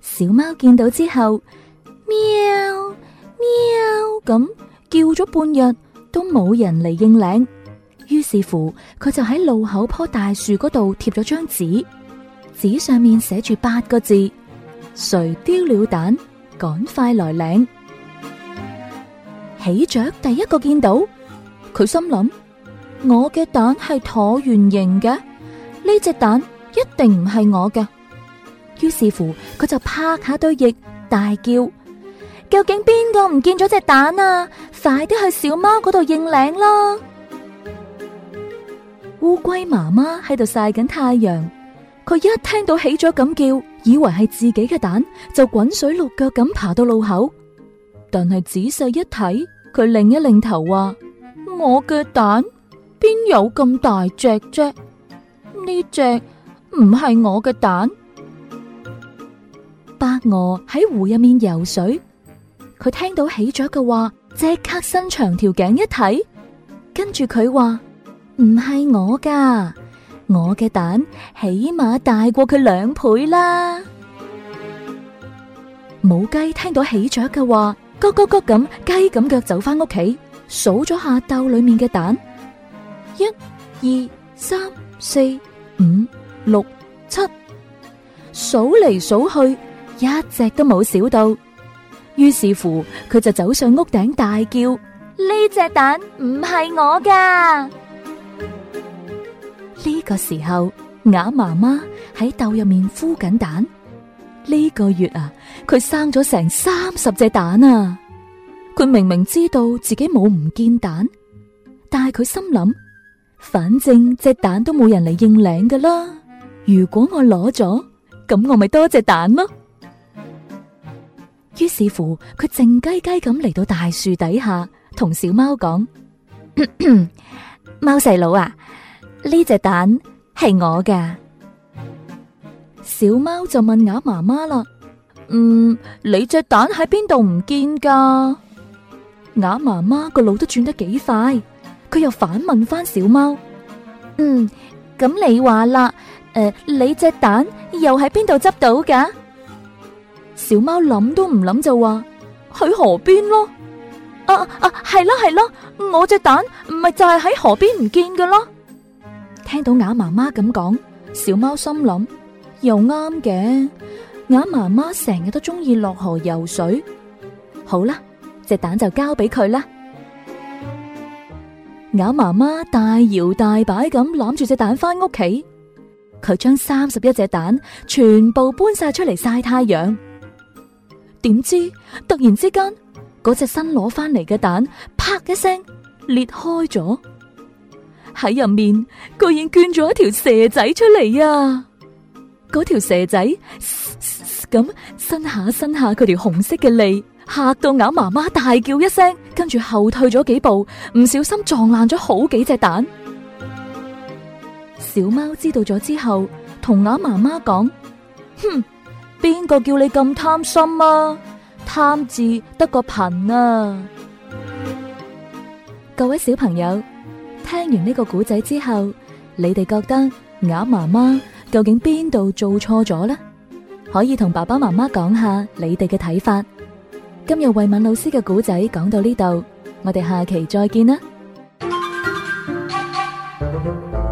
小貓見到之後，喵喵咁叫咗半日，都冇人嚟應領。於是乎，佢就喺路口棵大樹嗰度貼咗張紙，紙上面寫住八個字：誰丟了蛋，趕快來領。喜鵲第一個見到，佢心諗：我嘅蛋係橢圓形嘅，呢隻蛋一定唔係我嘅。於是乎，佢就拍下堆翼，大叫：究竟邊個唔見咗隻蛋啊？快啲去小貓嗰度認領啦！烏龜媽媽喺度曬緊太陽，佢一聽到起咗咁叫，以為係自己嘅蛋，就滾水淥腳咁爬到路口。但係仔細一睇，佢擰一擰頭，話：我嘅蛋邊有咁大隻啫？呢隻唔係我嘅蛋。白鵝喺湖入面游水，佢聽到起咗嘅話，即刻伸長條頸一睇，跟住佢話唔係我噶，我嘅蛋起碼大過佢兩倍啦。母雞聽到起咗嘅話，咯咯咯咁雞咁腳走翻屋企，數咗下斗裏面嘅蛋，一二三四五六七，數嚟數去。一隻都冇少到，於是乎佢就走上屋頂大叫：呢隻蛋唔係我噶。呢個時候，鴨媽媽喺豆入面孵緊蛋。呢個月啊，佢生咗成三十隻蛋啊。佢明明知道自己冇唔見蛋，但係佢心諗，反正隻蛋都冇人嚟認領噶啦。如果我攞咗，咁我咪多隻蛋咯。於是乎，佢靜雞雞咁嚟到大樹底下，同小貓講：貓細佬啊，呢隻蛋係我噶。小貓就問鴨媽媽啦：嗯，你隻蛋喺邊度唔見噶？鴨媽媽個腦都轉得幾快，佢又反問翻小貓：嗯，咁你話啦，誒，你隻蛋又喺邊度執到噶？小貓諗都唔諗就話，去河邊咯。啊啊，係啦係啦，我隻蛋唔係就係喺河邊唔見㗎啦。聽到鴨媽媽咁講，小貓心諗又啱嘅。鴨媽媽成日都中意落河游水，好啦，隻蛋就交俾佢啦。鴨媽媽大搖大擺咁攬住隻蛋翻屋企，佢將三十一隻蛋全部搬晒出嚟晒太陽。點知突然之間，嗰隻新攞翻嚟嘅蛋，啪一聲裂開咗,喺入面居然捐咗一條蛇仔出嚟啊！嗰條蛇仔咁伸下伸下佢條紅色嘅脷，吓到鴨媽媽大叫一聲，跟住後退咗幾步，唔小心撞爛咗好幾隻蛋。小貓知道咗之後，同鴨媽媽講：，哼！邊個叫你咁貪心啊？貪字得個貧啊！各位小朋友，聽完呢個故仔之後，你哋覺得鴨媽媽究竟邊度做錯咗呢？可以同爸爸媽媽講下你哋嘅睇法。今日慧敏老師嘅故仔講到呢度，我哋下期再見啦！